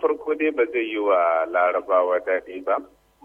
farko dai ba zai yi wa larabawa daɗi ba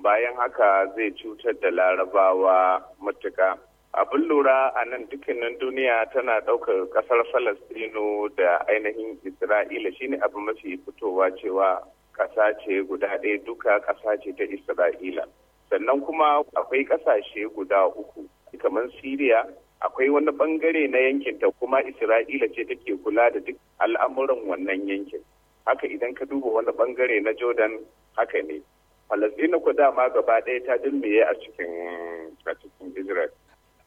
bayan haka zai cutar da larabawa matuka abin lura a nan dukkanin duniya tana ɗaukar ƙasar falastino da ainihin isra'ila shine abu mafi fitowa cewa ƙasa ce guda ɗaya duka ƙasa ce ta isra'ila sannan kuma akwai ƙasashe guda uku kamar siriya akwai wani bangare na yankin ta kuma isra'ila ce take kula da duk al'amuran wannan yankin haka idan ka duba wani bangare na jordan haka ne falasdina ku dama gaba ɗaya ta dilmiye a cikin cikin israel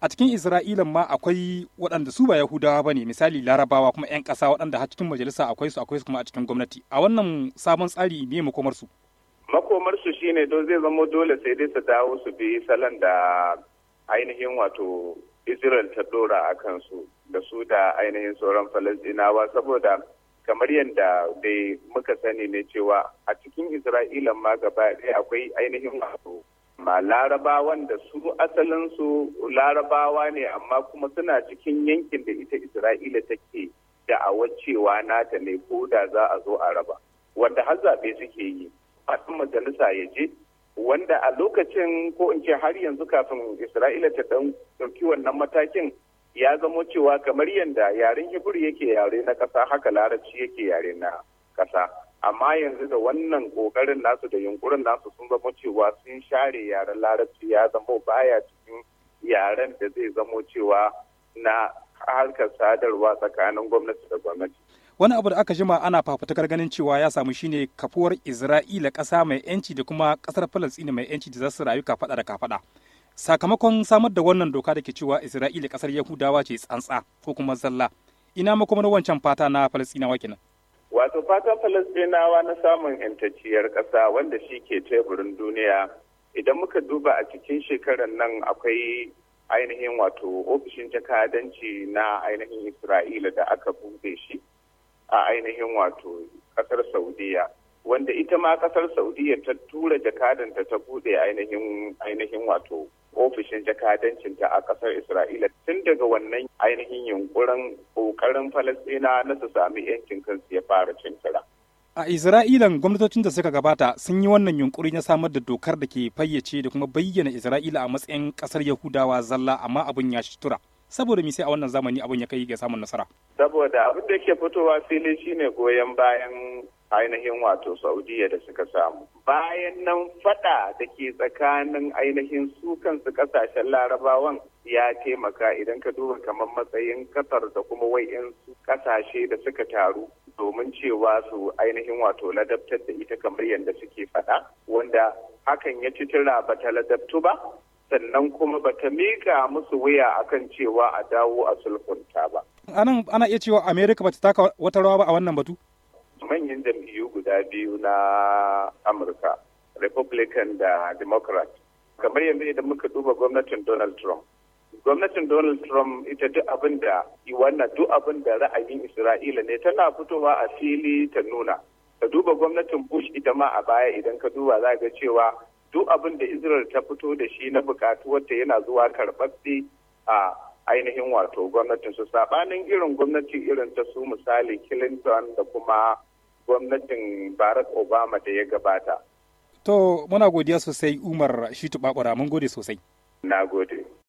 a cikin isra'ila ma akwai waɗanda su ba yahudawa ba ne misali larabawa kuma 'yan ƙasa waɗanda a cikin majalisa akwai su akwai su kuma a cikin gwamnati a wannan sabon tsari ne makomarsu makomarsu shine don zai zama dole sai dai su dawo su bi salon da ainihin wato israel ta dora a kansu da su da ainihin sauran falasdinawa saboda kamar yadda dai muka sani ne cewa a cikin isra'ila ma gaba ɗaya akwai ainihin masu ma larabawan da su asalinsu larabawa ne amma kuma suna cikin yankin da ita isra'ila take da'awar cewa nata ne ko da za a zo a raba wanda har zaɓe suke yi faɗin majalisa ya je wanda a lokacin ko in ce har yanzu kafin isra'ila ta ɗauki wannan matakin ya zamo cewa kamar yadda yaren hibir yake yare na kasa haka larabci yake yare na ƙasa amma yanzu da wannan ƙoƙarin nasu da yunkurin nasu sun zamo cewa sun share yaren larabci ya zamo baya cikin yaren da zai zamo cewa na harkar sadarwa tsakanin gwamnati da gwamnati. Wani abu da aka jima ana fafutukar ganin cewa ya samu shine kafuwar Isra'ila ƙasa mai 'yanci da kuma ƙasar Falasɗina mai 'yanci da za su rayu kafaɗa da kafaɗa. sakamakon samar da wannan doka da ke cewa isra'ila kasar yahudawa ce tsantsa ko kuma zalla ina makomar wancan fata na falastinawa kenan wato fatan falastinawa na samun yantacciyar ƙasa wanda shi ke teburin duniya idan muka duba a cikin shekarar nan akwai ainihin wato ofishin jakadanci na ainihin isra'ila da aka buɗe shi a ainihin wato ƙasar saudiya wanda ita ma ƙasar saudiya ta tura jakadanta ta buɗe ainihin ainihin wato ofishin jakadancinta a kasar Isra'ila tun daga wannan ainihin yunkurin kokarin Falasɗina na su sami yankin kansu ya fara cin kira. A Isra'ilan gwamnatocin da suka gabata sun yi wannan yunkuri na samar da dokar da ke fayyace da kuma bayyana Isra'ila a matsayin kasar Yahudawa zalla amma abin ya tura. saboda mi sai a wannan zamani abin ya kai ga samun nasara. Saboda abin da yake fitowa fili shine goyon bayan ainihin wato saudiya da suka samu bayan nan fada da ke tsakanin ainihin su kansu kasashen larabawan ya taimaka idan ka duba kamar matsayin kasar da kuma wai wa'insu kasashe da suka taru domin cewa su ainihin wato ladabtar da ita kamar yadda suke fada wanda hakan ya ci tura ba ta ladabtu ba sannan kuma ba ta miƙa musu wuya akan cewa a dawo a sulhunta ba. Anan ana iya cewa Amerika ba ta taka wata rawa ba a wannan batu? manyan jam'iyyu guda biyu na amurka republican da democrat kamar yanzu idan muka duba gwamnatin donald trump gwamnatin donald trump ita duk abin da wannan duk abin da ra'ayin isra'ila ne tana fitowa a fili ta nuna ka duba gwamnatin bush ita ma a baya idan ka duba za ga cewa duk abin da israel ta fito da shi na bukatu wata yana zuwa karɓaɓɓe a ainihin wato gwamnatin su sabanin irin gwamnati irin ta su misali clinton da kuma gwamnatin Barack Obama da ya gabata. To, muna godiya sosai Umar Shitu Babura, mun gode sosai. Na gode.